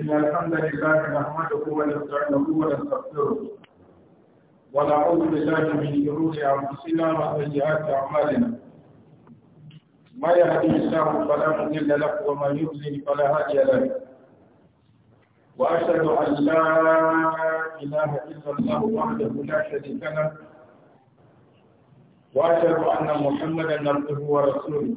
إن الحمد لله نحمده ونستعينه ونستغفره ونعوذ بالله من شرور أنفسنا وسيئات أعمالنا ما يهدي الله فلا مضل له وما يضلل فلا هادي له وأشهد أن لا إله إلا الله وحده لا شريك له وأشهد أن محمدا عبده ورسوله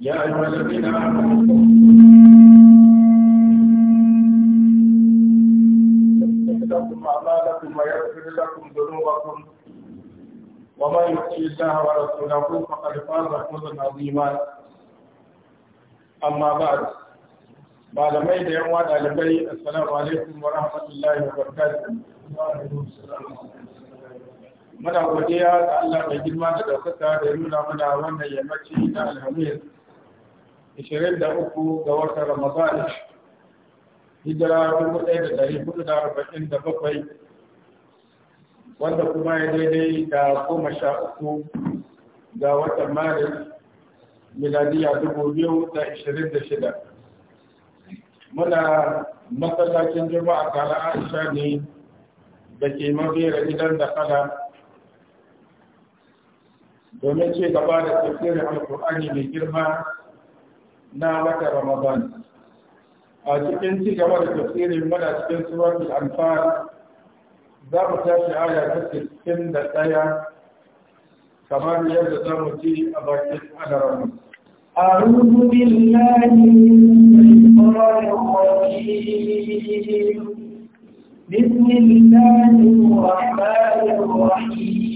يا أيها الذين آمنوا ويغفر لكم ذنوبكم ومن يطع الله ورسوله فقد فاز فوزا عظيما أما بعد malamai da yan wada dalibai assalamu alaikum wa rahmatullahi wa muna godiya ga Allah mai girma da daukaka da nuna mana wannan yammaci na alhamis Ishirin da uku ga watan Ramadan hijira bakwai. wanda kuma ya daidai da uku ga watan Maris miladiya dubu biyu da da ishirin shida. muna masallacin juma'a kala Aisha ne da ke mabera gidan da kada domin ce gaba da tafsirin alkur'ani mai girma na wata Ramadan. A cikin ci gaba da tafsirin muna cikin suratul Anfal za mu tashi aya ta 61 kamar yadda za mu ci a bakin adaran. أعوذ بالله من الشيطان الرجيم بسم الله الرحمن الرحيم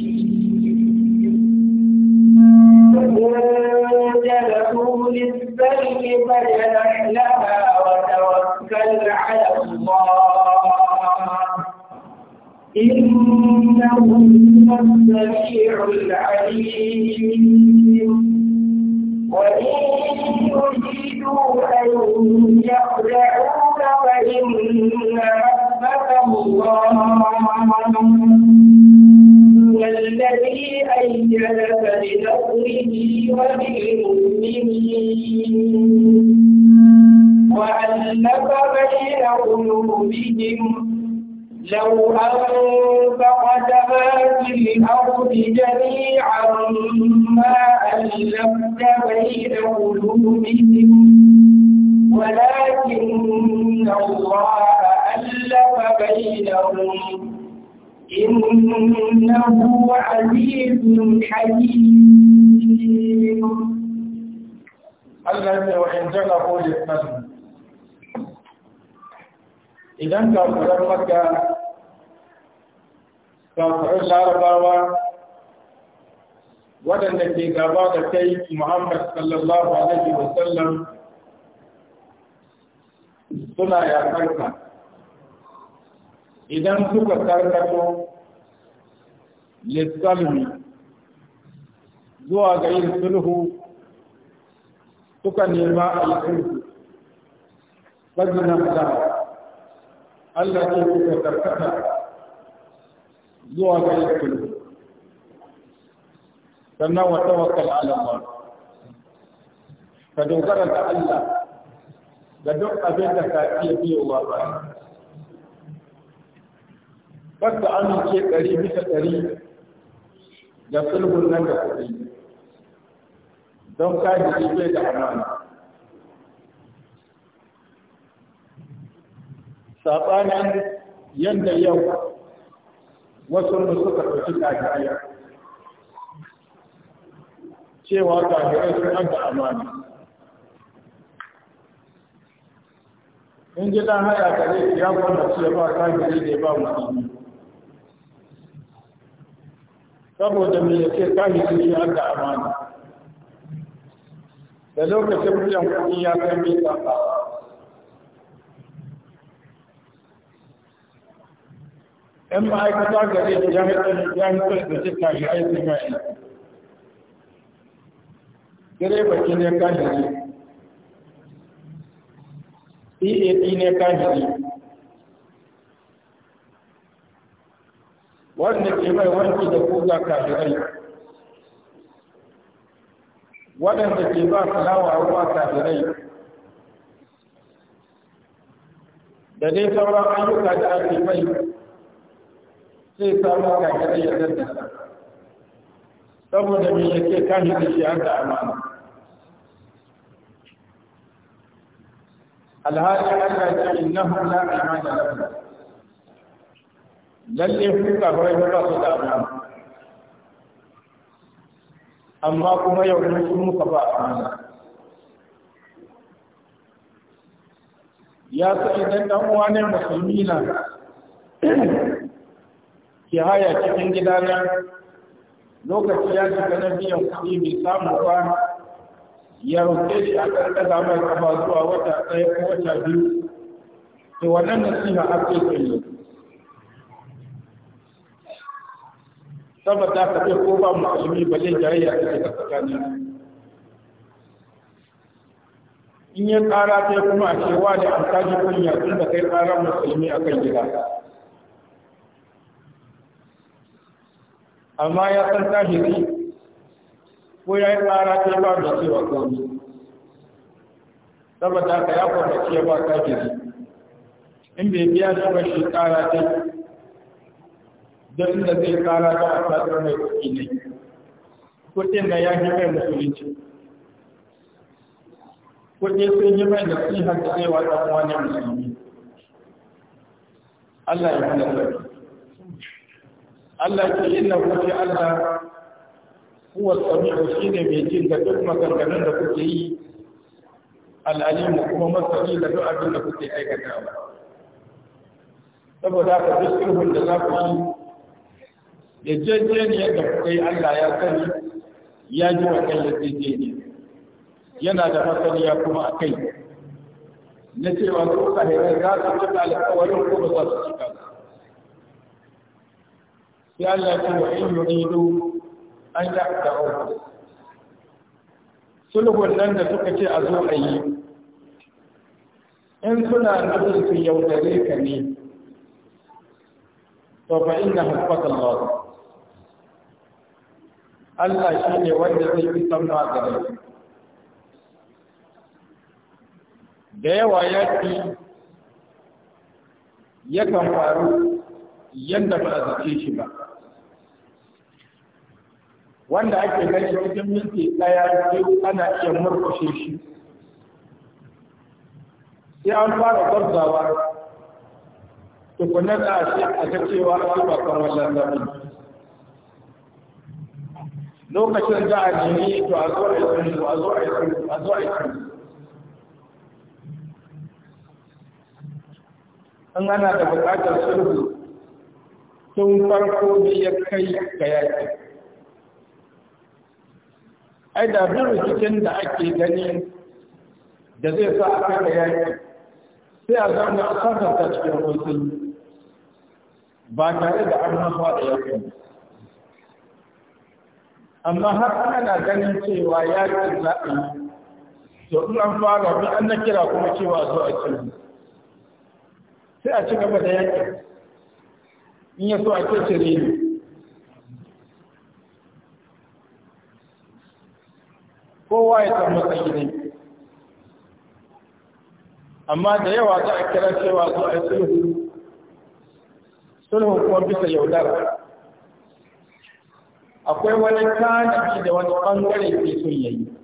فاجنح لها وتوكل على الله إنه هو السميع العليم وإن يريدوا أن يخدعوك فإن حسبك الله الذي أيد بنصره وبالمؤمنين وألف بين قلوبهم لو أنفقت ما الأرض جميعا ما ألفت بين قلوبهم ولكن الله ألف بينهم إنه عزيز حكيم الذي وإن للنسل idan kafirar maka kafirar larabawa waɗanda ke gaba da kai muhammad sallallahu alaihi wasallam suna yakarka idan suka karkato lissalmi zuwa ga yin sulhu suka nema a yi sulhu fajinan da Allah ke suka karkata zuwa ga yin sulhu sannan wata wata ala ka dogara da Allah ga duk abin da ka iya biyowa ba. kar ka amince ɗari bisa ɗari da sulhun nan da kuɗi don ka jiri da amana saɓanin yadda yau wasu da suka ɗauki kajiyar cewa kajirai sun an da amana in ji ɗan haya zai ya kwanta ce ba kajiri da ya ba musulmi saboda mai yake kahi shi an da amana da lokacin biyan kuɗi ya kai mai tsaka ɗan ma'aikata gare shi ya hitar da shi kahi aikin mai gare baki ne kahi ne ne kahi ne wanda ke mai wanki da kuga kafirai waɗanda ke ba fulawa ruwa kafirai da dai sauran ayyuka da ake mai sai samun kafirai ya zanta saboda mai yake kashi da shi haka amana alhali Allah ce innahu la amana lakum lalle su kafirai ba su da abu amma kuma yau ne sun muka ba amana ya sa idan dan uwa ne musulmi na ki haya cikin gida na lokaci ya shiga na biyan kuɗi mai samu ba ya roƙe shi a ƙarƙaza mai kafa zuwa wata ɗaya ko wata biyu to wannan nasiha ake kai saboda ka ce ko ba musulmi ba zai jayayya ta ce ta tsakani in ya kara ta kuma a cewa da an kaji kunya tun da kai kara musulmi a kan gida amma ya san tahiri ko ya yi kara ta ba da cewa komi saboda ka ya kwanta ce ba tahiri in bai biya shi ba shi kara ta don da zai kara ga a tsadar mai kuɗi ne kuɗin na ya yi mai musulunci kuɗi sun yi mai nasiha da zai wata wani musulmi Allah ya hana zai Allah ke na kuɗi Allah huwa shi ne mai jin da duk maganganun da kuke yi al'alimu kuma masani da duk abin da kuke ba saboda haka duk sulhun da za ku yi ne da kai Allah ya sani ya ji wa kai da kan yarjejeniya yana da ya kuma a kai na cewa su sahirai za su cika alkawarin ko ba za su cika ba sai Allah ya ce wa in yuridu an ya ta sulhun nan da suka ce a zo a yi in suna nufin su yaudare ka ne to fa inna hukmatan Allah Allah shi ne wanda zai fi ga magani da yawa ya fi yakan faru yadda ba a zace shi ba wanda ake gani cikin minti ɗaya biyu ana iya murkushe shi sai an fara gwarzawa tukunan a shi a ga cewa ba kamar lantarki lokacin za a nemi to a zo a yi a zo a yi a zo an ana da bukatar sulhu tun farko da ya kai ga yaki ai da bin rikicin da ake gani da zai sa a kai ga yaki sai a zama a sasanta cikin hotun ba tare da an mafa da yaki amma har ana na ganin cewa ya ce za a to in an fara bi an na kira kuma cewa zo a cikin sai a ci gaba da yaƙi in ya so a ce cire ne kowa ya san matsayi ne amma da yawa za a kira cewa zo a sulhu sulhu kuma bisa yaudara akwai wani tanadi da wani bangare ke son ya yi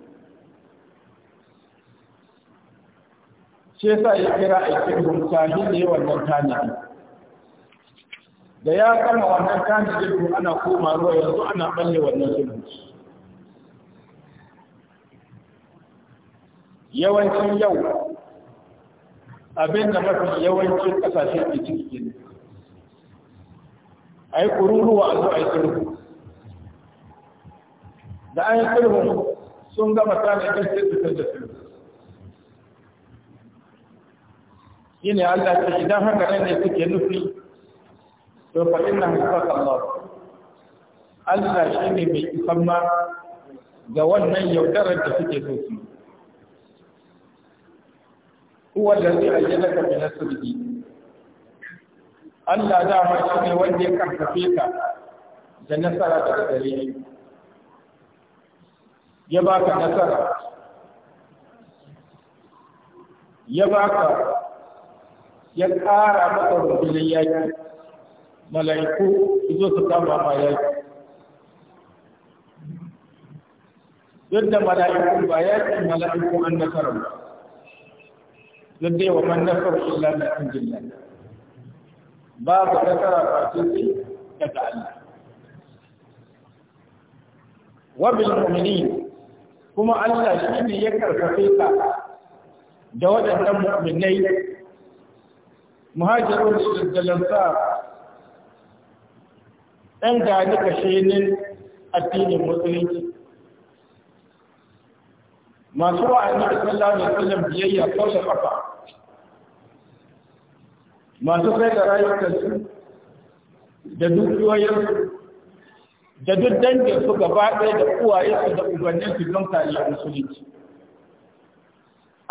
shi yasa ya kira a cikin rumtani ne wannan tanadi da ya kama wannan tanadin ko ana koma ruwa yanzu ana balle wannan sulhu yawancin yau abin da mafi yawancin kasashen ke ciki ne a yi kururuwa a zuwa a yi sulhu da an sulhu sun gama samun kai sai su canza sulhu shi ne Allah ce idan haka ne suke nufi to fa inna hasbaka Allah Allah shi ne mai isan ma ga wannan yaudarar da suke so su huwa allazi ayyanaka min as-sulhi Allah da ma shi ne wanda ya karfafe ka da nasara daga gare shi ya baka nasara ya baka ya ƙara maka rundunar yaƙi mala'iku zo su kama ma yaƙi duk da mala'iku ba yaƙin mala'iku an nasara ba duk da yawa man nasara illa na injin babu nasara ba sai daga Allah wabil mu'minin kuma Allah shi ne ya karfafe ka da waɗannan mu'minai muhajirun da lansa ɗan gani kashenin addinin musulunci masu wa'ani da sallallahu alaihi wasallam biyayya kawai kafa masu kai da rayukansu da dukiyoyinsu da duk dangin su gaba ɗaya da uwaye su da ubannin su don kariyar musulunci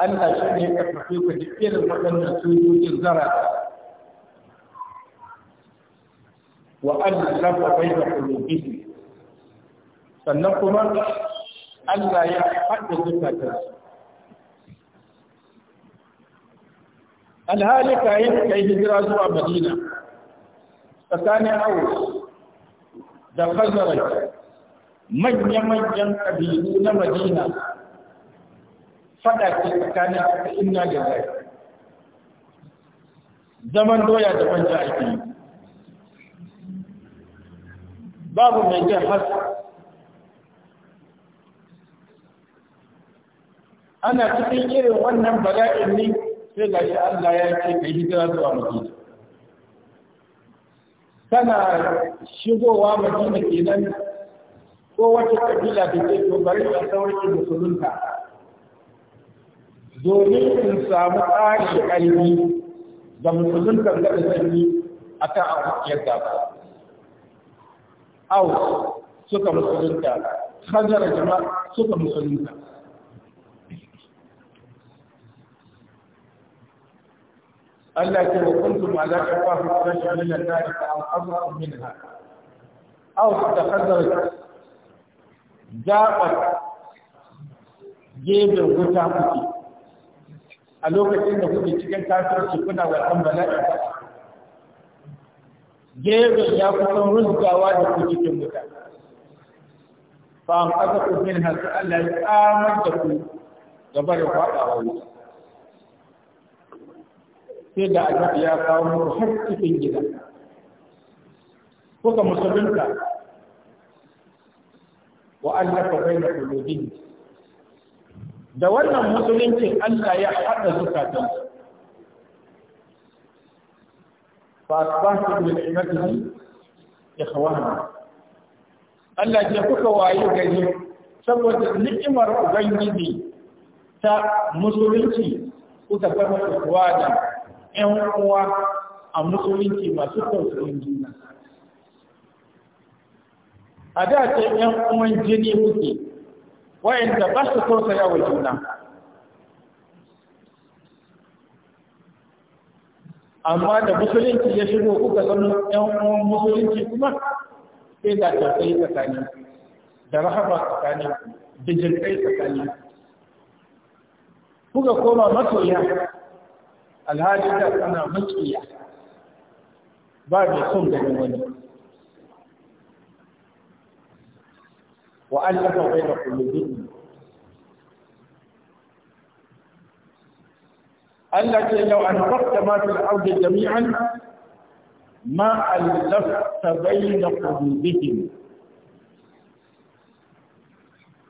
Allah shi ne ya karfafe ku da irin waɗannan sojojin zara wa Allah lafa bai da kulubihi sannan kuma Allah ya haɗa zukatarsu alhali kayan kai hijira zuwa madina tsakanin awus da khazaraj manya-manyan ƙabilu na madina fada ke tsakanin aka inna da zai zaman doya da manja ake yi babu mai jan hasa ana cikin irin wannan bala'in ne sai ga shi Allah ya ce ka hijira zuwa madina tana shigowa madina kenan ko wata kabila da ke to bari a musulunta domin in samu tsari ƙarfi ga musuluntar da sanyi a kan abokiyar gaba au suka musulunta hajjar jama'a suka musulunta Allah ce wa kuntum ala shafa hukrashi min an-nar fa anqadhakum minha aw takhaddarat jabat geben wuta kuke a lokacin da kuke cikin kafirci kuna wannan bala'i geben ya kusan rusgawa da ku cikin wuta fa an kaza ku min hasu Allah ya tsamar da ku gaba da faɗawa wuta sai da annabi ya kawo muku har cikin gida kuka musulunta wa allafa baina qulubihim da wannan musuluncin Allah ya haɗa zukatan fa asbahtu bi ni'matihi ikhwana Allah ya kuka waye gari saboda ni'imar ubangiji ta musulunci kuka zama ikhwana ‘yan uwa a musulunci masu tausayin juna. A da ce ‘yan uwan jini muke, wa'yanda ba su tausaya wa juna. Amma da musulunci ya shigo kuka zama ‘yan uwan musulunci kuma sai da tausayi tsakani, da rahama tsakani, da jirkai tsakani. Kuka koma masoya alhali da kana makiya ba mai son ganin wani wa allafa bayna qulubihim Allah ce lau an fakta ma fil ardi jami'an ma allafta bayna qulubihim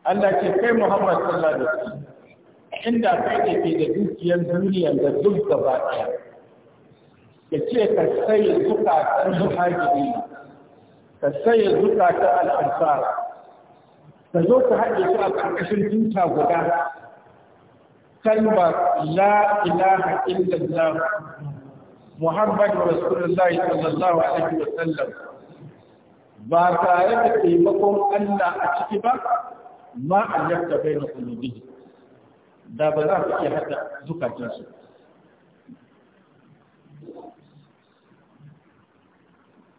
Allah ce kai Muhammad sallallahu alaihi wasallam inda kai da ke da dukiyar duniya da duk gaba ɗaya ka ce ka sai zukatan muhajiri ka sai zukatan al'ansara ka zo ka haɗe su a ƙarƙashin dinta guda kalmar la ilaha illallah muhammadu rasulullahi sallallahu alaihi wa sallam ba tare da taimakon Allah a ciki ba ma allaka bai na kulubi da ba za su iya haɗa zukatansu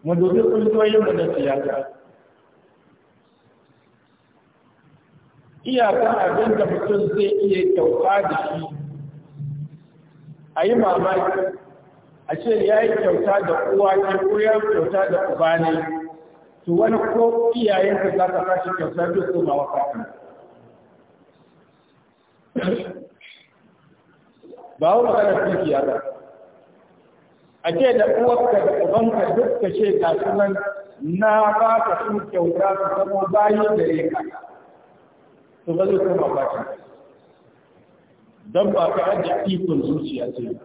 mu dubi ƙungiyoyin da na siyasa iyaka abin da mutum zai iya kyauta da shi a yi mamaki a ce ya yi kyauta da kuwa, ke kuya ya kyauta da uba ne to wani ko ka za ka kashi kyauta duk kuma wa kafin ba wa magana ya ba a ce da uwarka da ubanka duk ka ce ka sunan na ba ka su kyauta su samu bayan da ya ka to ba zai kuma ba ka don ba ka ajiye ikon zuciya ce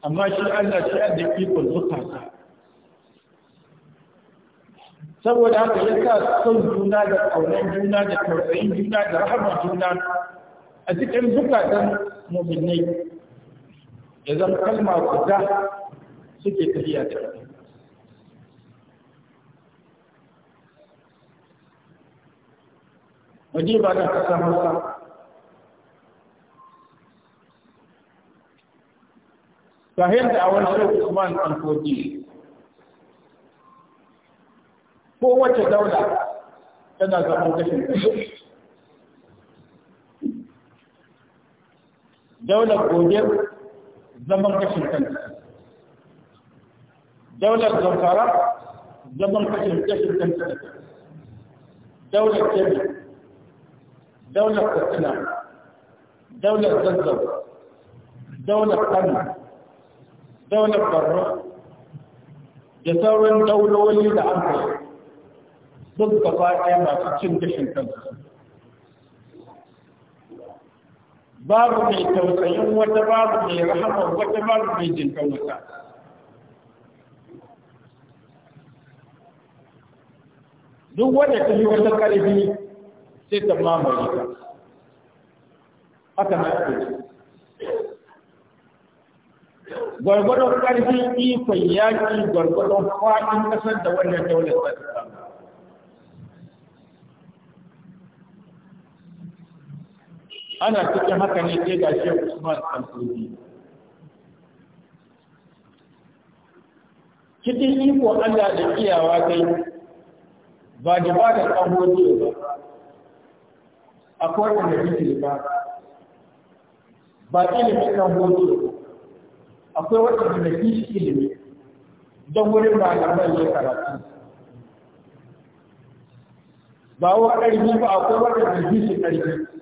amma shi Allah shi ajiye ikon zuciya saboda haka ya sa son juna da ƙaunar juna da tausayin juna da rahama juna a cikin zukatan muminai ya zama kalma guda suke tafiya ta waje ba da kasa hausa ta da a wani shirin usman alkoji kowace daula tana zama gashin daular gobe zaman gashin kanta daular zamfara zaman gashin gashin kanta daular kebe daular katsina daular zazzau daular kano daular barno da sauran dauloli da amfani duk gaba ɗaya masu cin gashin kansu babu mai tausayin wata babu mai rahama wata babu mai jinkan wata duk wanda ta yi wata ƙarfi sai ta mamaye ta, haka na ce gwargwadon ƙarfin ikon yaƙi gwargwadon faɗin ƙasar da wannan daular ta ana cikin haka ne sai ga shi Usman Al-Saudi cikin iko Allah da kiyawa kai ba da ba da kahoji ba akwai wanda yake ba ba ilimin kahoji akwai wata da kishi ilimi don wurin malaman ya karatu ba wa ƙarfi ba akwai wata da kishi ƙarfi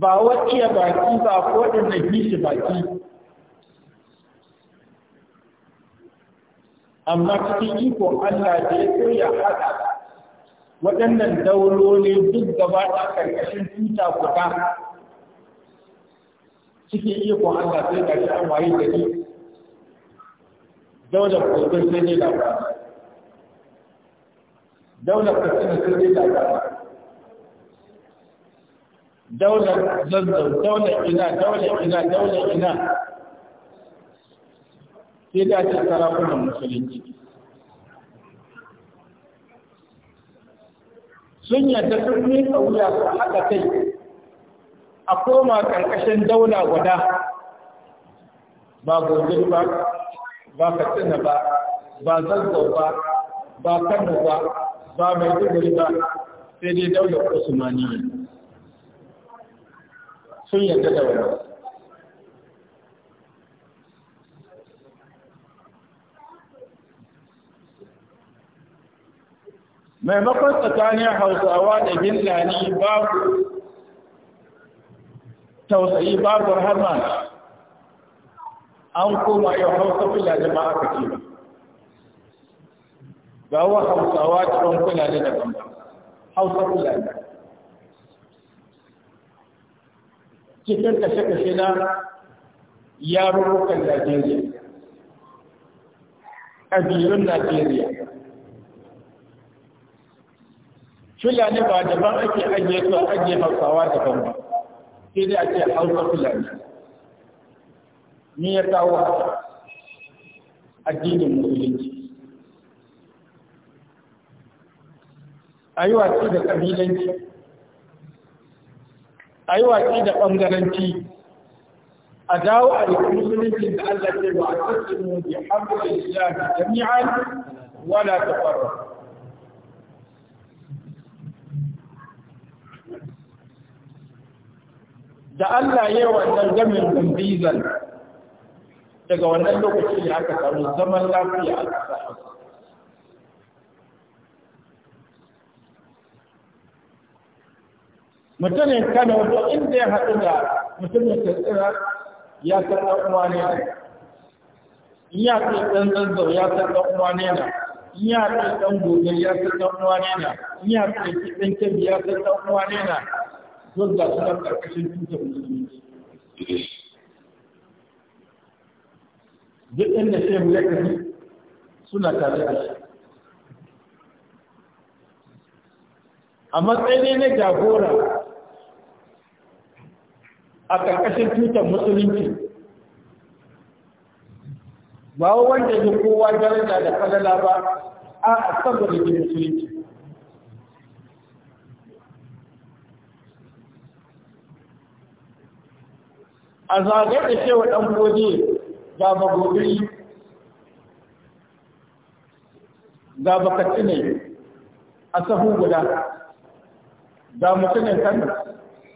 ba wacce baki ba ko din na shi baki amma cikin iko Allah da ya so ya haɗa waɗannan daulolin duk gaba da ƙarƙashin tuta guda cikin iko Allah sai ga shi an waye da ni daular kogin sai dai labara daular kasina sai da ba daular zanzan daular ina daular ina daular ina sai da ce sarakunan musulunci sun yadda sun ne kauya su haɗa kai a koma ƙarƙashin daula guda ba gobe ba ba katsina ba ba zazzau ba ba kano ba ba mai ba sai dai daular usmaniyya سنة تتولى ما مقصد تاني حوث أواد أجل لأني باب توسعي باب الرحمن أنكو ما يحوص في الأجماعة كثيرة فهو حوث أواد أنكو لأني حوث في الأجماعة cikin kashe-kashe na yarurrukan Najeriya, ƙabilun Najeriya. Fulani ba daban ake ajiye su a ajiye hausawa daban ba, sai dai ake hausa Fulani. Ni ya kawo addinin musulunci. A yi watsi da ƙabilanci. a yi watsi da ɓangaranci a dawo a rikin musulunci da Allah ke wa a tattun bi hamdulillah islami jami'an wala tafarra da Allah ya wannan gamin gumbizan daga wannan lokaci da aka samu zaman lafiya a ƙasa mutumin kano to inda ya haɗu da mutumin kirkira ya san ɗan uwa ne na in ya ce ɗan zanzau ya san ɗan uwa ne na in ya ce ɗan gobe ya san ɗan uwa ne na in ya ce ɗan kebbi ya san ɗan uwa ne na duk da suna ƙarƙashin tutar musulunci duk inda shehu ya suna tare da shi a matsayin na jagora a ƙarƙashin tutar musulunci ba wanda ya kowa daraja da falala ba a saboda da musulunci a zagaye da cewa ɗan goje ga magobiri ga bakatsi ne a sahu guda ga mutumin kan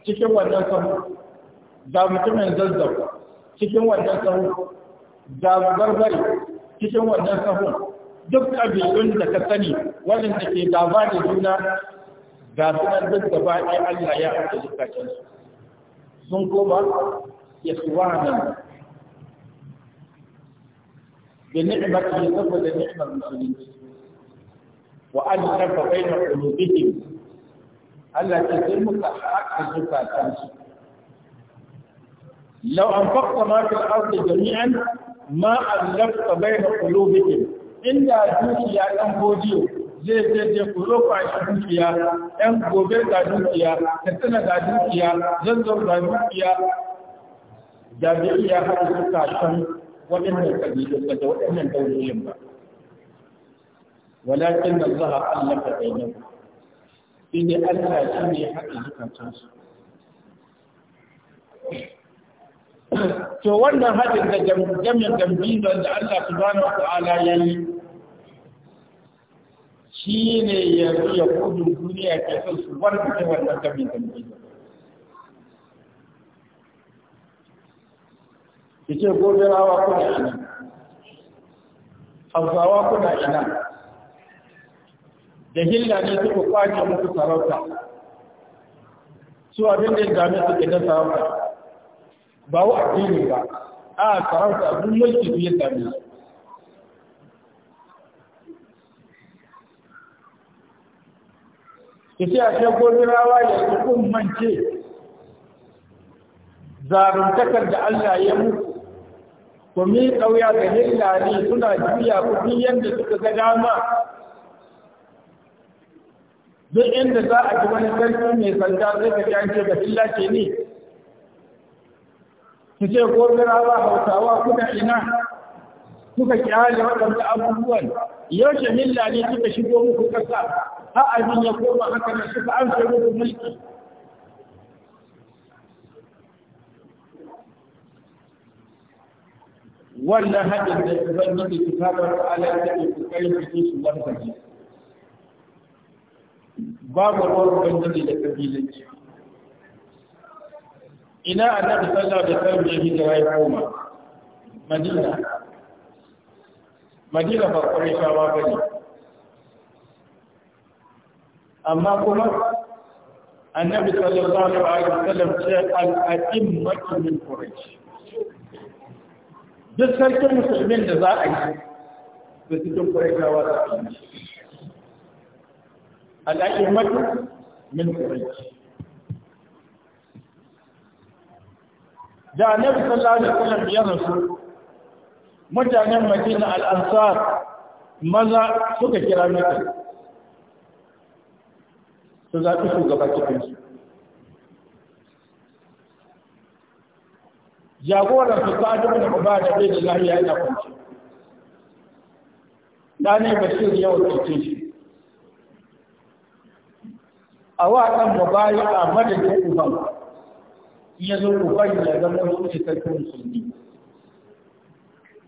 cikin wannan sahu Ga mutumin zazzau cikin wannan sahu da barbari cikin wannan sahu duk ƙabilun da ka sani waɗanda ke gaba da juna ga sunan duk gaba ɗaya Allah ya ake zukatansu sun koma ya suwa nan da ni'imar ya saboda ni'imar musulunci wa an shafa bai na ƙulubihim Allah ce sai muka haɗa zukatansu لو أنفقت ما في الأرض جميعا ما ألفت بين قلوبهم إلا دوكيا أن بوجيو zai zai je ku zo a shi gobe ga dukiya tattina ga dukiya zanzan ga dukiya da bai iya haɗa suka shan waɗannan kabilu da waɗannan daulolin ba walakin da za a Allah ka Allah shi ne haɗa zukatansu to wannan haɗin da jami'ar gambin da Allah subhanahu ta'ala ya yi shi ne ya ya kudu duniya ke son su warka ta wannan gambin gambizon Ya ce gobe rawa kuna ina hausawa kuna ina da hilla ne suka kwace muku sarauta su abin da ya dame suke ke na sarauta ba wa addini ba a sarauta abin mulki su yadda ne ki ce a ce gobirawa ya yi ummance zaruntakar da Allah ya muku ku mi kauya ga hillari suna juya kuɗi yadda suka ga dama duk inda za a ji wani sarki mai sanda zai ka ce ga hillace ne su ce gobirawa hausawa kuka ina kuka kyale waɗanda abubuwan yaushe milla ne suka shigo muku ƙasa har abin ya koma haka nan suka amsa muku mulki wannan haɗin da zan ubangiji su kamar ala ta yi kokarin fito su wanda babu ruwan ubangiji da kabilanci ina annabi sallallahu alaihi wasallam ya hijira ya koma madina madina ba kawai shawa bane amma kuma annabi sallallahu alaihi wasallam ce al-a'immatu min quraish duk sarkin musulmin da za a yi da cikin ƙwaikawa da al'aƙin matu min ƙwaiki da annabi sallallahu alaihi wasallam ya rasu mutanen madina al-ansar maza suka kira mutum su zaɓi shugaba cikinsu jagoran su ta da wani ba da bai da lahiya yana kwanci ɗane bashir yau cikin shi a waɗan mu a madadin ba ya zo bai ya zama su cikakken musulmi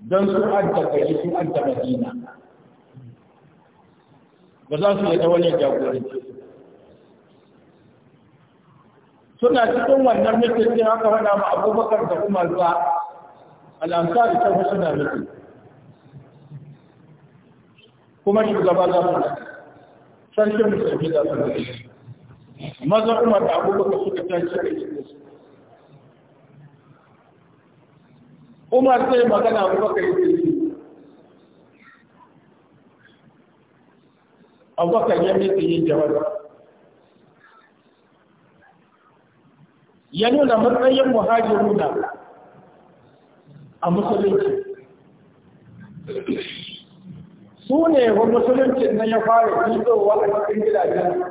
don su adda gari su adda madina ba za su ta wani jagoranci suna cikin wannan mutum sai haka faɗa ma abubakar da umar ba al'amsa da ta suna mutu. kuma shugaba za su sarkin musulmi za su mazan umar da abubakar suka cikin da umar sai magana abubakar ya ce abubakar ya miƙe yin jawabi ya nuna matsayin muhajiru na a musulunci su ne wa musulunci na ya fara fitowa a cikin gidajen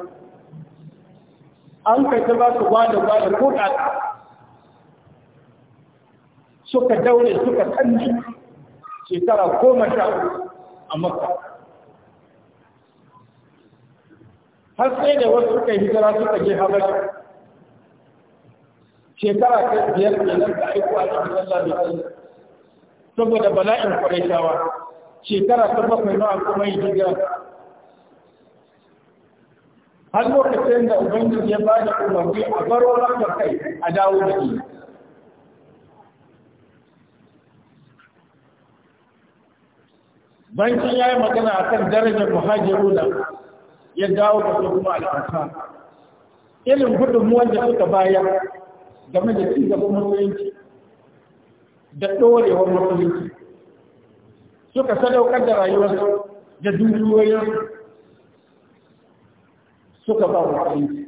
an kai ta ba su gwada gwada ko ƙasa suka daure suka kanni shekara goma sha a maka har sai da wasu suka yi hijira suka je habasha shekara ta biyar da nan da aiko a cikin Allah da Allah saboda bala'in Qurayshawa shekara ta bakwai na kuma yi hijira har lokacin da ubangiji ya ba da umarni a baro rakar kai a dawo da shi bayan ya yi magana a kan darajar muhajiruna ya dawo da su kuma alfasa irin gudunmuwan da suka bayan game da ci gaba matsayinci da ɗorewar matsayinci suka sadaukar da rayuwarsu da dukiyoyinsu suka ba musulunci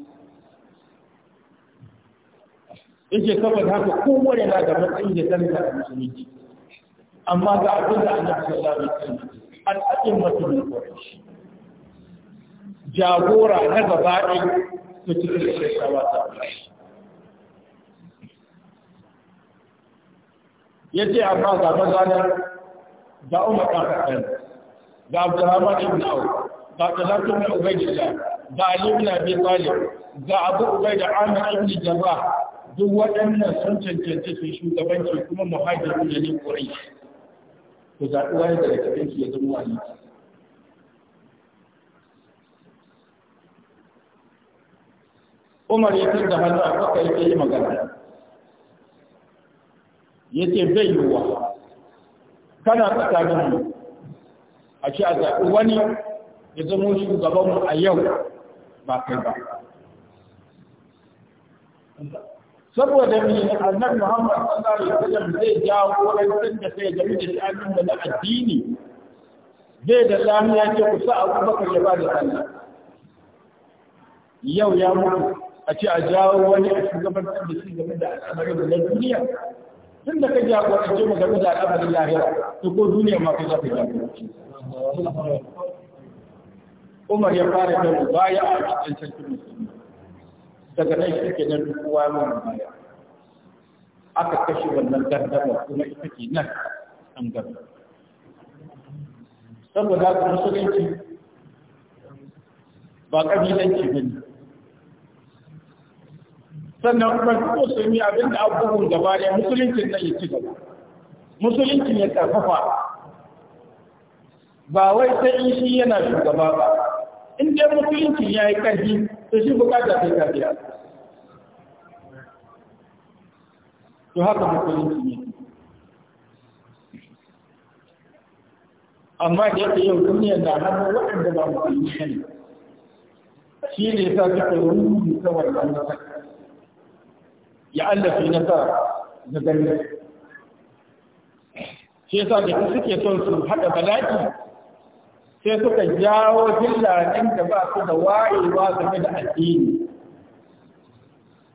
yake kawai haka kowane na da matsayin da da musulunci amma ga abin da annabi sallallahu alaihi wasallam al'a'immatu min quraish jagora na gaba ɗaya su cikin shekawa ta ya ce amma ga mazanar ga umar ɗan kaɗan ga abdurrahman ibn awu ga talatu ibn ubaidillah ga ali ibn abi talib ga abu ubaida amir ibn jarrah duk waɗannan sun cancanci su shugabanci kuma muhajirin da ne quraish ku zaɓi waye daga cikin ki ya zama wani Umar ya tar da hannu a kaka ya yi magana ya ce bai yiwuwa kana tsakanin mu a ce a zaɓi wani ya zama shugabanmu a yau ba kai ba saboda mai annabi Muhammad sallallahu alaihi wasallam zai jawo rantsar da sai game da sha'anin da na addini zai da sami ya ce kusa Abu Bakar ya ba da sallah yau ya mutu a ce a jawo wani a shugaban da shi game da al'amari na duniya tun da ka a mu game da al'amarin lahira to ko duniya ma ka za ka Umar ya fara da baya a cikin sarkin musulmi daga nan shi ke nan duk wa mun baya aka kashe wannan gardama kuma ita ke nan an gardama saboda haka musulunci ba ƙabilanci ba ne sannan kuma duk yi abin da abubuwan gaba ɗaya musuluncin nan ya ci gaba musuluncin ya ƙarfafa ba wai sai in shi yana shugaba ba in dai musuluncin ya yi ƙarfi to shi bukata sai ka biya to haka musulunci ne amma da yake yau duniya na hannun waɗanda ba musulmi ne shi ne ya sa suka rubu ta wannan nasara ya Allah fi nasara da gari shi sa da suke son su haɗa bala'i sai suka jawo filanin da ba su da wayewa game da addini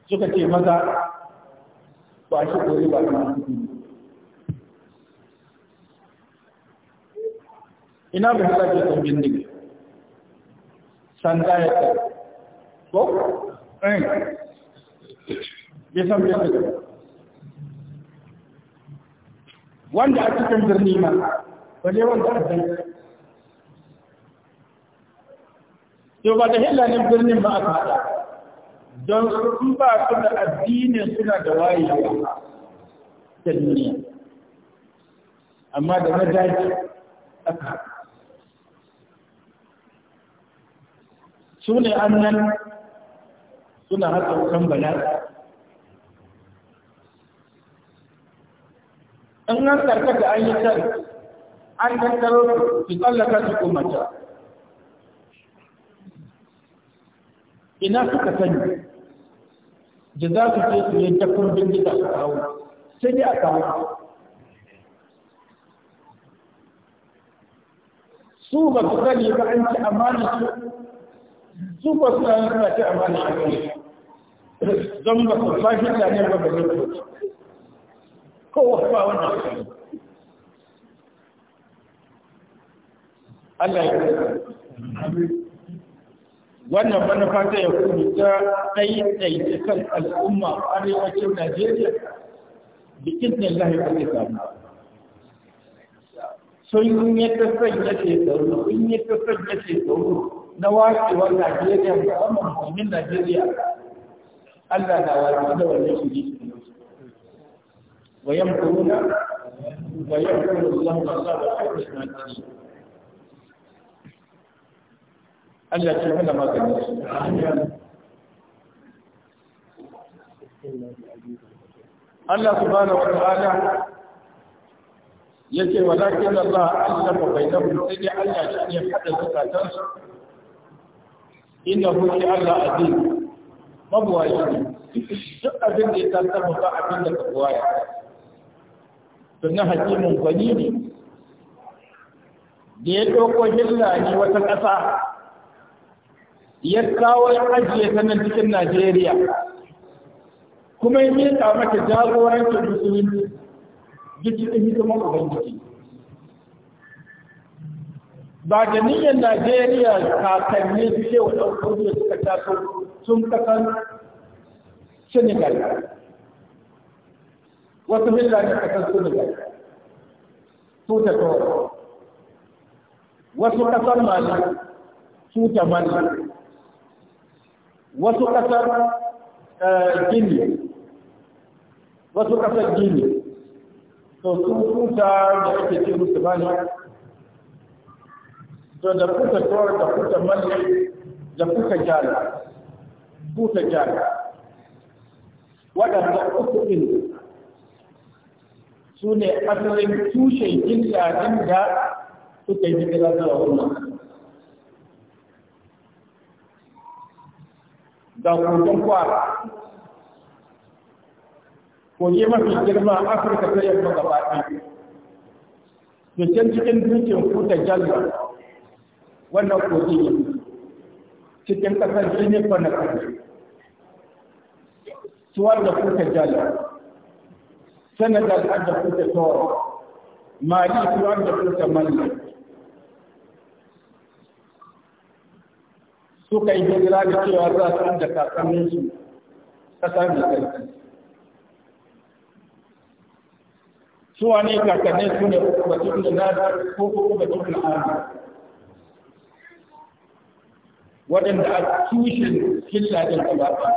suka ce maza ba shi kori ba na ina ba shi sake sun bindiga sanda ya tsaye ko? ɗin eh. bisan bindiga wanda a cikin birni ma wale wanda a cikin to ba da hillanin birnin ba aka haɗa don sun ba su da addinin suna da wayewa ta duniya amma da mazaji aka haɗa su ne an nan suna haka wutan bala'i in an karkata an yi tari an tattaro su tsallaka su kumata ina suka sani da za su ce su yanke kundin gida su kawo sai dai a kawo su ba su sani ba an ci amana su su ba su sani ba ci amana a kai zan ba su fashi da ne ba ba zai ko kowa ba wannan sani Allah ya kasa. wannan manufa ta ya kudu ta ɗaiɗaita kan al'umma a arewacin najeriya da izinin lahi ba samu sun yi ya ta sanya shekaru sun yi ta sanya shekaru na wacewar najeriya musamman musulmin najeriya allah na wace da wannan shi ne wayan kuruna wayan kuruna allah ba sa da ƙarfi na التي من مدن الله سبحانه وتعالى يجي ولكن الله علم بينهم سيدي الله لأن يفعل ذكاتهم إنه في الله عزيز ما هو يعني شقة بني تلتا مطاع بني تبوايا سنها جيم قليل ديتو قهلا جيوة الأساس ya kawo ya ajiye ta nan cikin Najeriya kuma ya miƙa mata jagorancin musulunci duk cikin hidimar Ubangiji. Ba da niyyar Najeriya kakanni suke wa ɗaukar da suka taso sun kasan Senegal. Wasu milla ne kasan Senegal. Su ta wasu kasar Mali su ta Mali. wasu kasar eh, gini wasu kasar gini to sun kuta da ake ce musu bani to da kuka tsohon da kuka malle da kuka jala kuka jala waɗanda uku ɗin su ne asalin tushen gilladin da suka yi hijira a wannan da kogin kwara koge mafi girma afirka ta yamma gaba baki, da can cikin dukkan kuta jalla, wannan kogi ne cikin ƙasar jinifa na ƙasar tuwar da kuta jalba sanadar da kuta toro mali tuwar da kuta mallaka suka yi hijira da cewa za su da kakanninsu ƙasa mai su wa ne kakannin su ne batun da na ko ko batun da ana waɗanda a tushen killa da gaba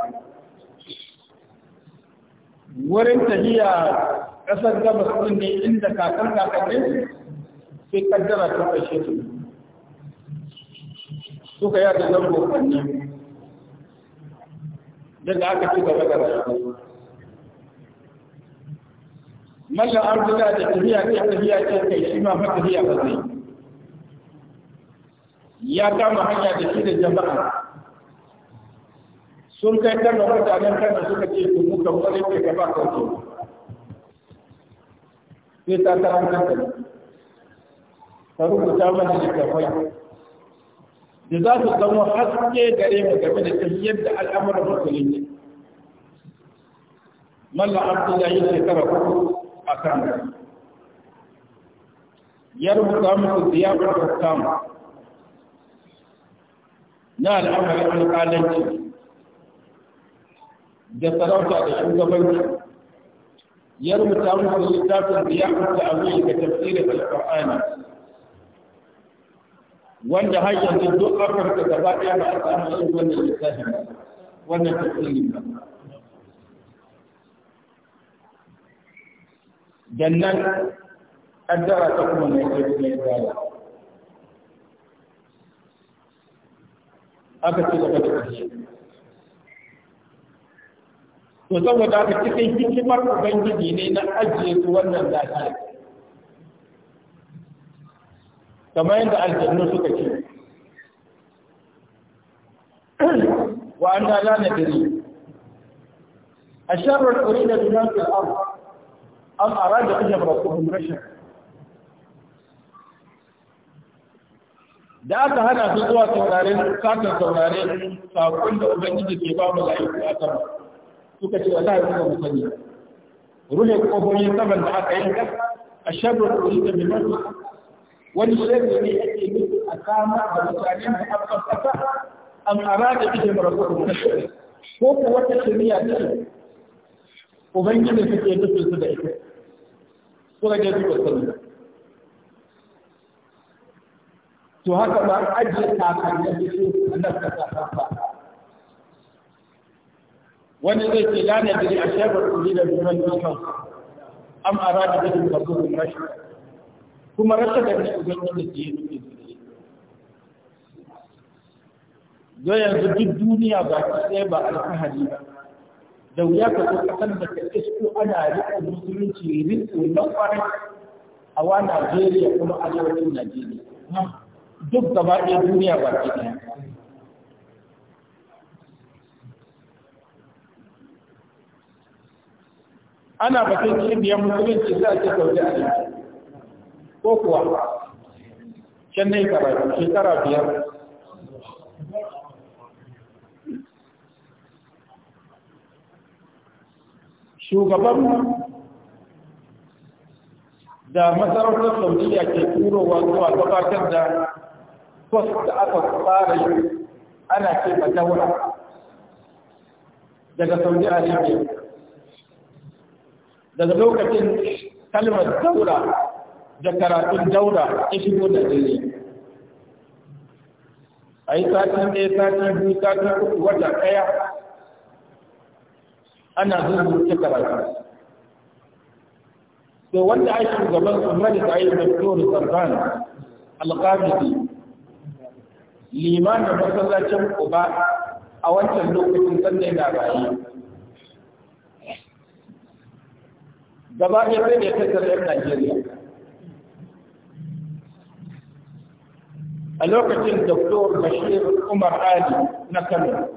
wurin tafiya ƙasar gabas ɗin ne inda kakan kakannin sai kaddara ta ƙarshe su suka yada nan kokanni yadda aka ci gaba da rayuwa mallan arzika da tafiya ta tafiya ta kai shi ma fa tafiya ba zai ya kama hanya da shi da jama'a sun kai kan nan kan suka ce ku muka wani ke gaba kauce sai ta karanta ta rubuta mana littafai da za su zama haske gare mu game da tafiyar da al'amuran musulunci mallan abdullahi shekara uku a kan ya rubuta musu ziyarar kakkam na al'amarin alƙalanci da sarauta da shugabanci ya rubuta musu littafin ziyarar da abin da tafsirin alƙur'ani wanda har yanzu duk afirka gaba ɗaya ba a samu yin wannan lissafi wannan tafsiri ba Da nan kaddara ta kuma mai kai mai tsaya aka ce gaba da ƙarshe to saboda aka cikin hikimar ubangiji ne na ajiye su wannan lafiya kamar yadda aljannu suka ce wa an da lana dare a sharar ƙuri da dunan fil'ar an ara da ajiyar rakuhun rashin da aka hana su zuwa saurare satar saurare sakon da ubangiji ke ba mu lai a sama suka ce wallahi suka mu sani ruhe kofofin saban da aka yi a sharar ƙuri da dunan fil'ar wani sharri ne ake nufi a kama da mutanen da aka kasa an arada ita da rabu da sharri ko ko wata shari'a ce ubangiji suke nufin su da ita kuma da zuwa sallah to haka ba ajiye kakannin su a nan kasa ba wani zai ce lana da a shabar kuri da zuwa sallah am arada ita da rabu da sharri kuma rasa shi ga da ke yi don yanzu duk duniya ba ta sai ba alfahari ba da wuya ka zo kasan da ka isko ana riƙon musulunci riƙo na ƙwarai a wa Najeriya kuma arewacin Najeriya duk gaba ɗaya duniya ba ta ɗaya ana bakin cibiyar musulunci za a ce saudi arabia ko kuwa can ne karatu shekara biyar shugaban da masarautar saudiya ke turowa zuwa gabatar da kwas da aka tsara yi ana ce ba daura daga saudi arabia daga lokacin kalmar daura da karatun daura ya shigo da dare a yi satin ɗaya satin biyu sati uku wata ɗaya ana zuzuta karatu to wanda a shugaban umaru da ayi doktor sarban alƙabiti limanin masallacin uba a wancan lokacin sannan na bayi. gaba ɗaya sai da ya tattara yan najeriya a lokacin doktor bashir umar ali na kano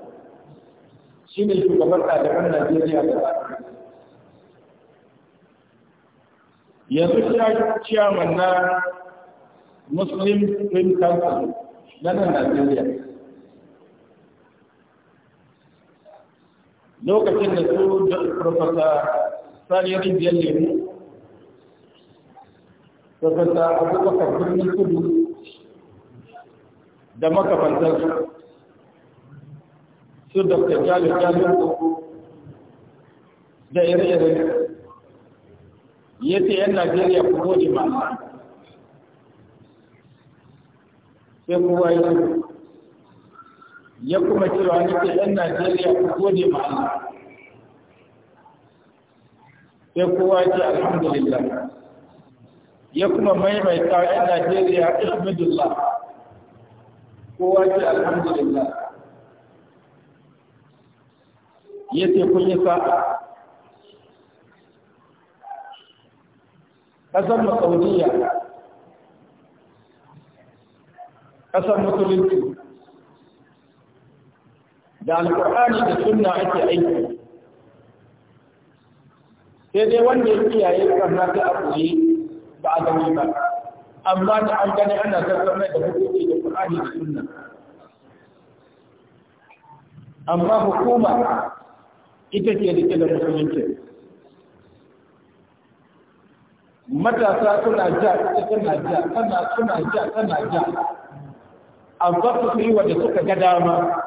shi ne shugaban ɗaliban najeriya da yanzu ciyaman na muslim film council na nan najeriya lokacin da su da profesa saniyar biyar lemu profesa abubakar birnin kudu da makafantarsu su da jalo-jalo da ire-ire ya ce yan najeriya ku gode ma sai kowa ya ya kuma cewa ni ce yan najeriya ku gode ma sai kowa ya ce alhamdulillah ya kuma maimaita yan najeriya alhamdulillah kowa ce alhamdulillah ya ce kun yi sa'a ƙasar masauniya ƙasar musulunci da alƙur'ani da sunna ake aiki sai dai wanda ya kiyaye karna ta a ba a gani ba amma da an gani ana zazzama da hukunci da Qur'ani da Sunna amma hukuma ita ce rike da musulunci matasa suna ja ita tana ja tana suna ja tana ja amma su yi da suka ga dama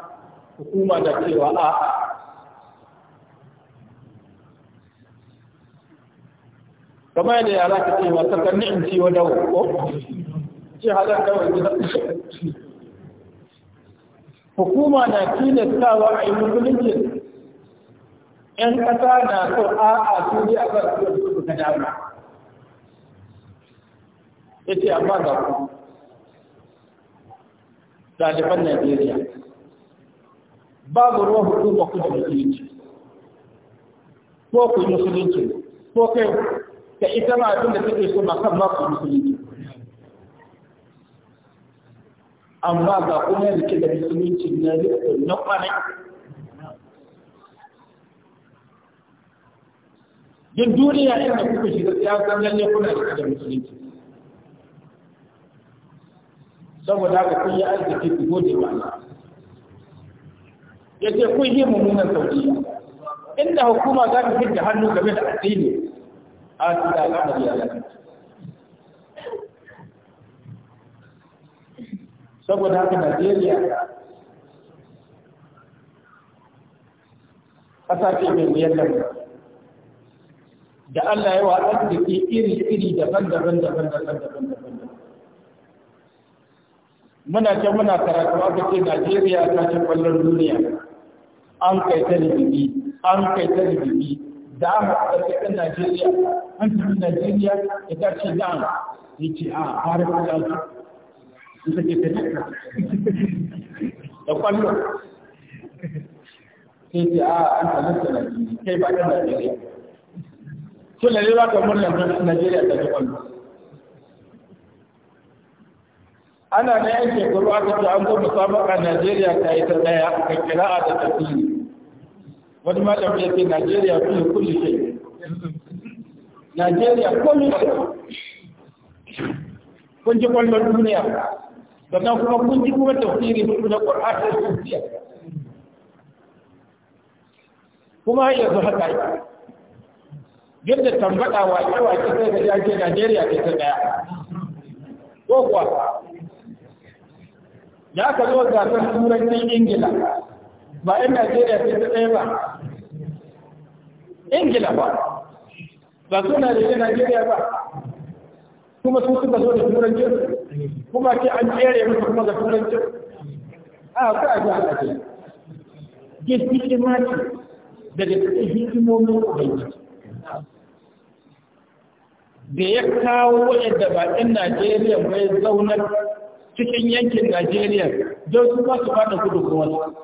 hukuma da cewa a'a kamar da yara ka ce masu kan ni'in ci wa dawo ko ce halar kawai gida hukuma na tilastawa a yi musulunci ‘yan ƙasa na so a a su ne a kan su ka dama ya ce amma ga ku ɗaliban najeriya babu ruwan hukuma ku da musulunci ko ku yi musulunci ko kai ta ita ma abin da take so ba kan ba ku musulunci amma ga kuma rike da musulunci na na kwanai duk duniya inda kuka shiga ya san lalle kuna rike da musulunci saboda haka kun yi arziki ku gode wa Allah yace kun yi mummunan saudiya inda hukuma za ta fitta hannu game da addini آتي الأمر يا saboda haka Najeriya ƙasa ce mai wuyan da Allah yawa arziki iri-iri daban-daban daban-daban daban-daban muna ce muna karatu aka ce Najeriya ta ce kwallon duniya an kai ta an kai ta da aka ɗauki ɗan Najeriya an tafi Najeriya ya tashi da ya ce a ah, fara da su su ke tafi da kwallo sai ce a ah, an halatta Najeriya kai ba ta Najeriya to ne ba ka murna Najeriya ta ji kwallo ana na yan shekaru aka ce an zo a Najeriya ta yi ta daya ka kira'a da tafiya wani ma ya ce Najeriya fi kulli shay Najeriya ko da kun ji kwallon duniya sannan kuma kun ji kuma tafsirin na da duniya kuma yanzu haka yi yadda tambata wa yawa ki sai da yake Najeriya ke ta daya ko kuwa ya ka zo gasar turancin Ingila ba 'yan Najeriya ke ta ɗaya ba Ingila ba ba su na da Najeriya ba kuma su suka zo da turanci kuma ce an tsere musu kuma ga turanci a ka a ji haka ce gaskiya ma ce daga cikin hikimomin ubangiji da ya kawo waɗanda baƙin Najeriya bai zaunar cikin yankin Najeriya don su ba su fada gudu kuma su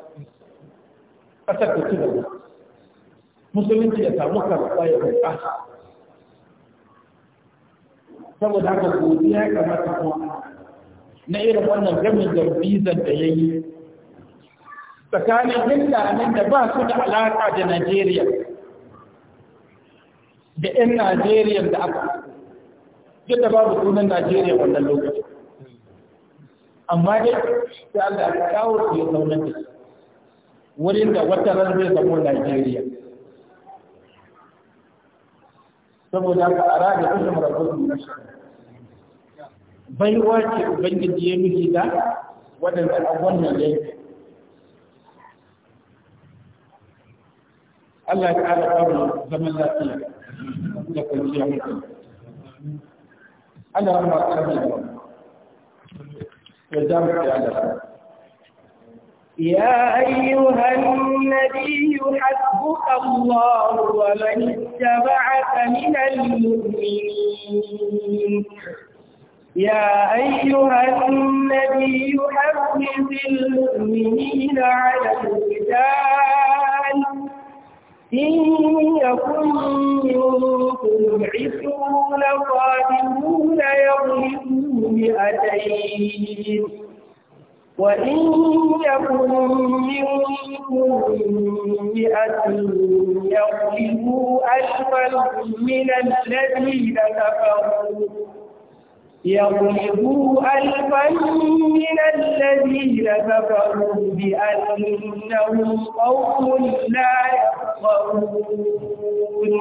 ƙasar da su da musulunci ya samu karɓa ya karɓa saboda haka godiya ya kamata kuma na irin wannan gamin da bizar da ya yi tsakanin hindanen da ba su da alaƙa da najeriya da 'yan najeriya da aka duk da babu sunan najeriya wannan lokacin amma dai sai allah ya kawo su ya zaunar da wurin da wata ran zai zamo najeriya saboda haka a rada kusa rabon na shari'a baiwa ce ubangiji ya miji da waɗanda a wannan yanki Allah ya ƙara ƙaru zaman lafiya da kwanciya mutum. Allah ya ƙara ƙaru da ya damu da Allah. يا أيها النبي حسبك الله ومن اتبعك من المؤمنين يا أيها النبي حفظ المؤمنين على القتال إن يكن منكم عشرون قادمون يغلبون مئتين وإن يكن منكم مئة يغلبوا ألفا من الذين كفروا يغلبوا ألفا من الذين كفروا بأنهم قوم لا يفقهون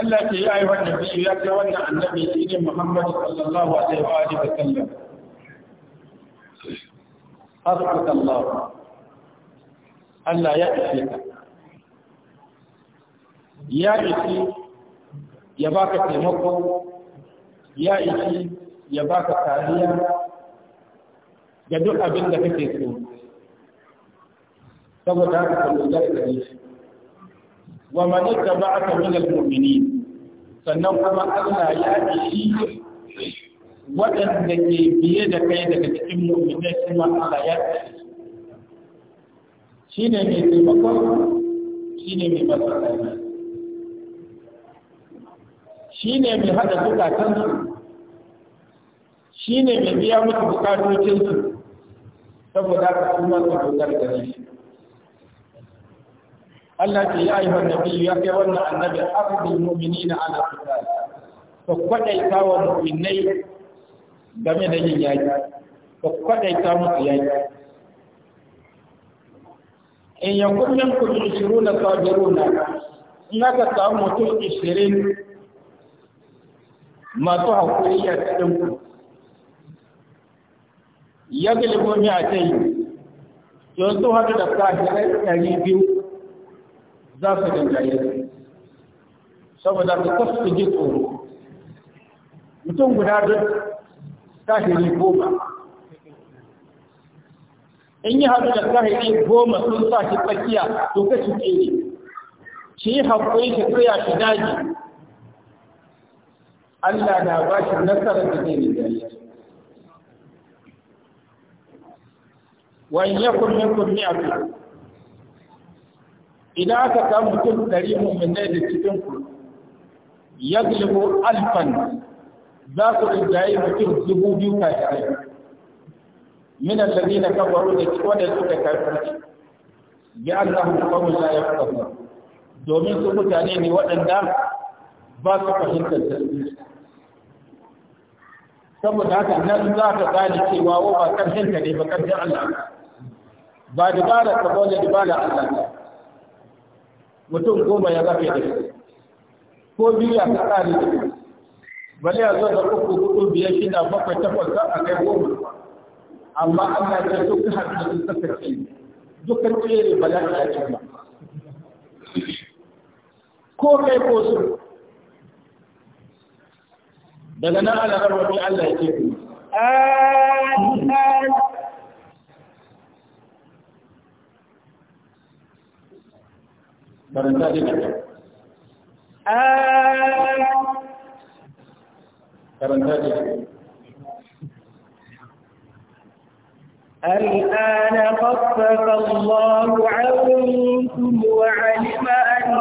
Allah ke yi aiwatar da shi ya kai wannan annabi shi ne Muhammad sallallahu alaihi wa sallam hasbuka Allah Allah ya ishe ka ya ishe ya baka taimako ya ishe ya baka kariya ga duk abin da kake so saboda haka kullum da shi wa man ittaba'aka min al-mu'minin sannan kuma Allah ya ishe waɗanda ke biye da kai daga cikin mummunai shi ma a ya ce shi ne mai taimakon shi ne mai masarauta shi ne mai haɗa bukatansu shi ne mai biya mutu bukatocinsu saboda ka kuma su dogar da shi Allah ce ya ayyuhan nabiyyu ya kai wannan annabi ardil mu'minina ala qital fa kwadaita wa mu'minai game da yin yaki ka kwadaita musu yaki in ya kullum kun shiru na sabiru na ina ka samu mutum ishirin masu haƙuri a cikin ku ya gilibomi a kai yanzu haɗu da kafirai ɗari biyu za su dangare saboda su kasu ji tsoro mutum guda duk kafiri goma in yi haɗu da kafiri goma sun sa shi tsakiya to ka shi tsere shi yi haƙuri shi tsaya shi daji Allah na ba shi nasarar da zai yi wa in yakun a mi'atu idan aka samu mutum ɗari mummunai da cikin ku yaglibu alfan za ku rinjaye mutum dubu biyu kafirai min allazina kafaru da cikin wanda suka kafirci bi annahum qawmun la yafqahun domin su mutane ne waɗanda ba su fahimtar tafsiri saboda haka nan za ka gane cewa wa ba karshen ka ne ba karshen Allah ba dubara ka ba dubara Allah mutum goma ya zafe da ko biyu ya ka tsari da bale a zo da uku hudu biyar shida bakwai takwas za a kai goma amma Allah ya duk haɗu da suka ce dukkan tsere za a cikin ba ko kai ko su daga nan ana rabar wani Allah ya ce ku Baranta dai Ah. karanta da الآن خفف الله عنكم وعلم أن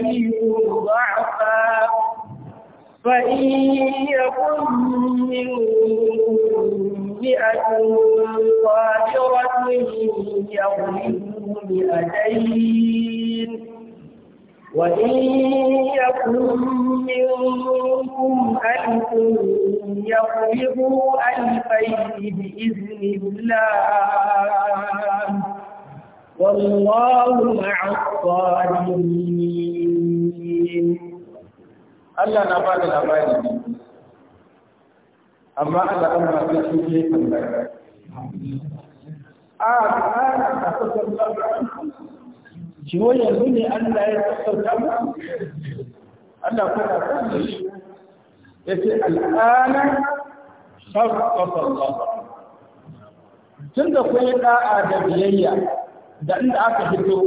فيكم ضعفا فإن يكن منكم مئة صابرة يغلبوا مئتين وإن يكن منكم ألف يغلبوا ألفين بإذن الله والله مع الصالحين Allah na ba da labari ne, amma Allah an ma fi shi gefen da A, kana a kusan labarin jiwo yanzu ne Allah ya sassauta mu? Allah kuma kan shi yace al'ana sarrafa Allah tun da kun yi da'a da biyayya da inda aka fito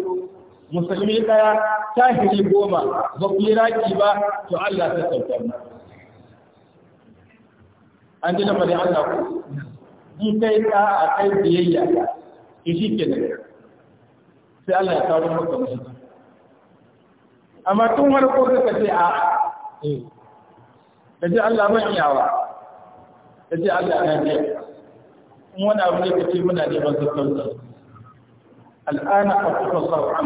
musulmi daya tahiri goma ba ku yi raki ba to Allah ta sauka mu an ji lamarin Allah ku in kai da'a kai biyayya ki shi ke sai Allah ya kawo maka mafita amma tun harko ka ce a ka ce Allah ban iyawa ka ce Allah na ne in wani abu ne ka ce muna neman sassauta al'ana ka fi sassau an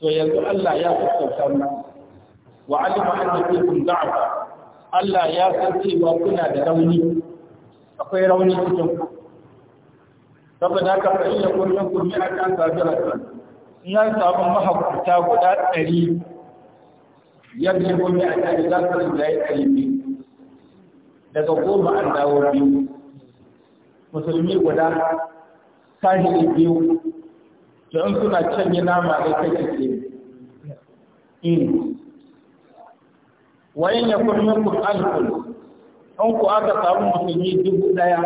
to yanzu Allah ya sassauta mu wa alima annakum da'afa Allah ya san cewa kuna da rauni akwai rauni cikin ku saboda haka fa in yakun minkum mi'atan sabiratan ya samu mahaukata guda ɗari yadda gome a ɗari za su da ya ɗari biyu daga goma an dawo biyu musulmi guda kahiri biyu to in suna canye nama da kake ke in wayan ya kuma yankun alkul in ku aka samu musulmi dubu ɗaya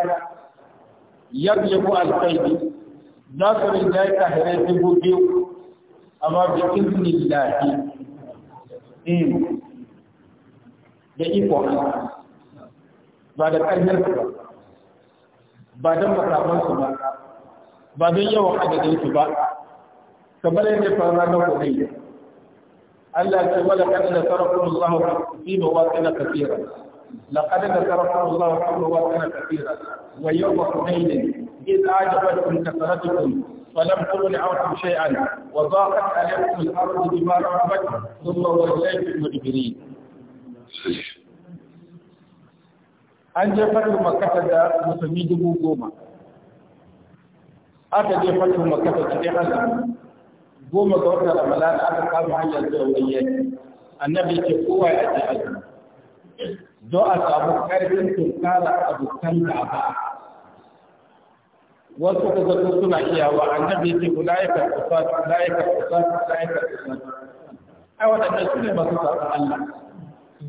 yadda ku alkaidi za su rinjaye kahirai dubu biyu amma bi izinin lafi in da iko ba da ƙarfin su ba ba don makamansu ba ba don yawan adadin su ba kamar yadda fara na kudai Allah ce wala kan da sarrafa Allah fi mawaƙina kafira لقد ذكركم الله في مواطن كثيرة ويوم حنين إذ أعجبتكم كثرتكم فلم تغن عنكم شيئا وضاقت عليكم الارض بما رحبت ثم وليتم مدبرين an je fatin makasa da musulmi dubu goma aka je fatin makasa cikin azumi goma ga wata ramadan aka kama hanyar saurayya annabi ke kowa ya ce azumi don a samu karfin tunkara abokan ba. wasu ku zato suna iyawa annabi yake ku la'ikar kusat la'ikar kusat la'ikar kusat ai waɗannan su ne masu sabon Allah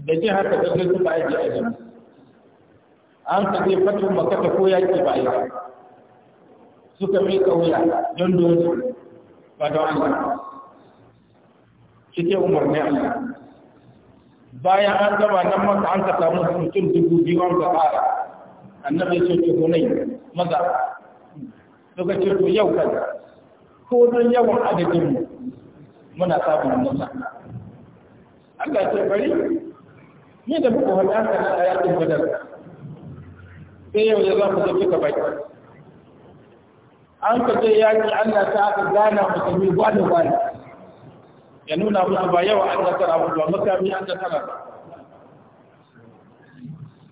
da ke haka da zai ba aiki a jami an ka zai maka ta ko ke ba yi suka fi kawuya don dole ba don Allah cikin umarni Allah bayan an gaba nan maka an ka samu mutum dubu biyu an ka ƙara annabi sun ce ku hunai maza daga cikin yau kan. ko don yawan adadin muna samun musa Allah ce bari ni da muku wani aka na a yakin badar sai yau ya za mu zafi ka baki an ka ce yaki Allah ta aka gana musulmi gwada gwada ya nuna musu ba yawa an nasara mu ba makami an nasara ba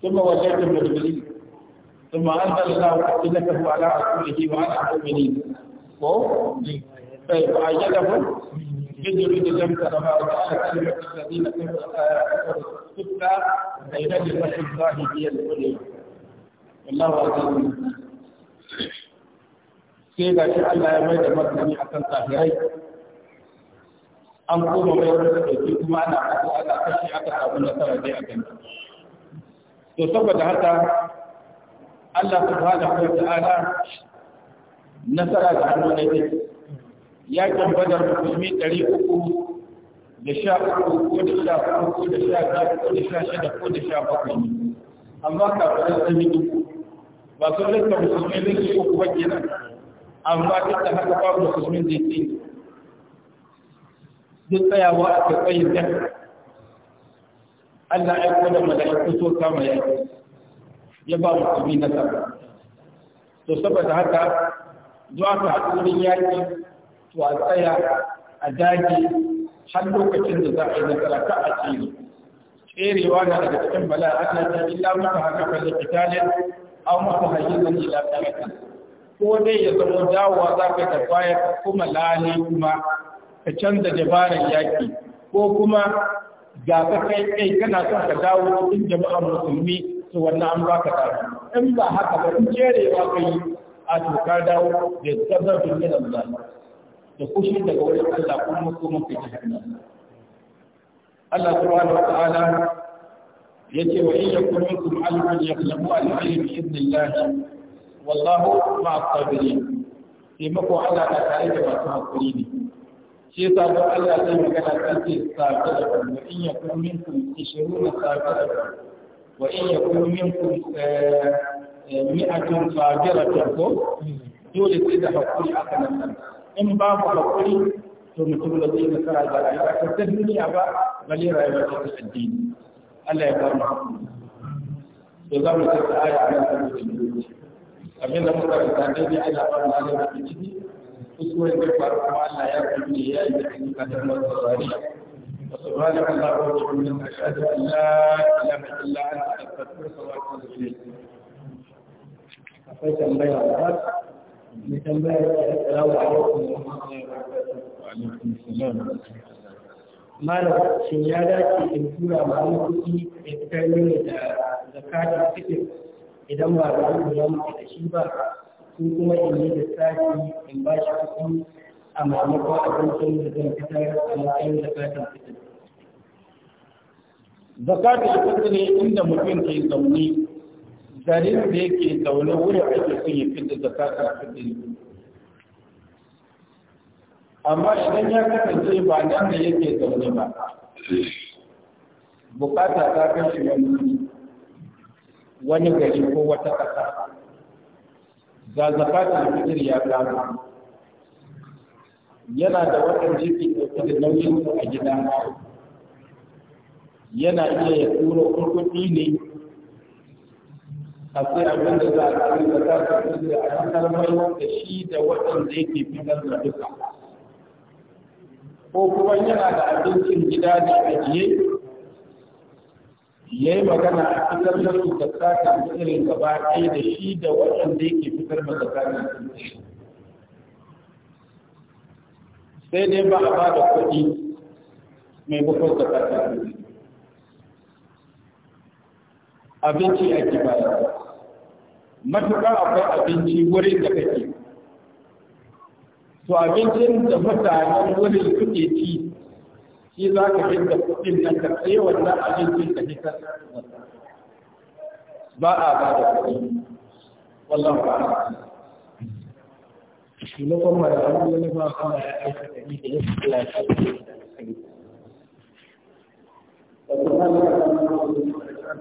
ثم da مدبرين ثم أنزل الله أدلته على رسوله وعلى المؤمنين طيب وأيده بجلود الجنة تبارك وتعالى كلمة الذين كفروا السكة بين جنة الله هي العليا والله عزيز sai ga shi Allah ya mai da martani a kan tsahirai an koma mai wani ɗauki kuma ana kasu ana kashi aka samu nasara dai a kan to saboda haka Allah subhanahu wa ta'ala nasara da hannu na yake kan badar musulmi 300 da sha uku ko da sha uku ko da sha biyar ko da sha shida ko da sha bakwai ne amma ka sun yi uku ba sun ka musulmi ne ko uku ba kenan amma duk da haka ba musulmin zai ce duk tsayawa a kai tsayin da Allah ya kuma da mala'iku so kama yaki ya ba musulmi sa to saboda haka zuwa ka haɗu wurin yaƙi to a tsaya a daji har lokacin da za a yi nasara ta a tsere tserewa na daga cikin bala'a Allah ta illa maka haka fa liqitalin aw maka hayyizan ila qalatin ko dai ya zama dawowa za ka ta baya kuma lalai kuma ka canza dabarar yaƙi ko kuma ga ka kai kai kana son ka dawo cikin jama'a musulmi su wannan an ba ka ta in ba haka ba in jerewa kai a to ka dawo da gazarin min Allah da kushi daga wani Allah kuma kuma kai jahannam Allah subhanahu wa ta'ala yace wa in yakun minkum alman yaqlamu al-hayy bi idnillah wallahu ma'as-sabirin taimako Allah ta tare da masu hakuri ne shi yasa don Allah zai magana kan ce sabi da in yakun minkum 20 sabi da وإن يكون منكم مئة صابرة ko dole sai da hakuri aka nan in babu hakuri to mutum da zai nasara da rayuwa ta ta duniya ba bale rayuwa ta ta addini Allah ya bar mu to za mu tsaya aya a nan saboda lokaci abin da muka rasa dai dai Allah ba mu da ciki kusurin da faru kuma Allah ya rubuce ya yi da kan وسبحانك اللهم أن لا إله إلا ya a shin ya dace in tura mamu da fitar mini da idan ba da wani shi ba ko kuma in yi da in ba shi a maimakon abincin da zai fitar a matsayin zakatar fitar. Zakatar fitar ne inda mutum ke zaune, garin da yake zaune wurin ake son ya fitar zakatar fitar. Amma idan ya kasance ba nan da yake zaune ba, bukata ta kashe wani wani gari ko wata ƙasa. Ga zakatar fitar ya kama. yana da waɗanda jiki ɗauke da nauyin a gida yana iya ya tura kurkuɗi ne a sai abin da za a cikin da za ta da a fitar mai da shi da waɗanda yake fitar da duka ko kuma yana da abincin gida ne a jiye ya yi magana a fitar da su da sata irin gaba ɗaya da shi da waɗanda yake fitar da kalmar sai dai ba a ba da kuɗi mai bukon da ƙasa abinci ake bayar matuƙa akwai abinci wurin da kake to abincin da mutanen wurin suke ci shi za ka fi da kuɗin nan ka tsaye wannan abincin ke fi ba a ba da kuɗi wallon ba maimakon marayu ba kuma ya da ni da da ya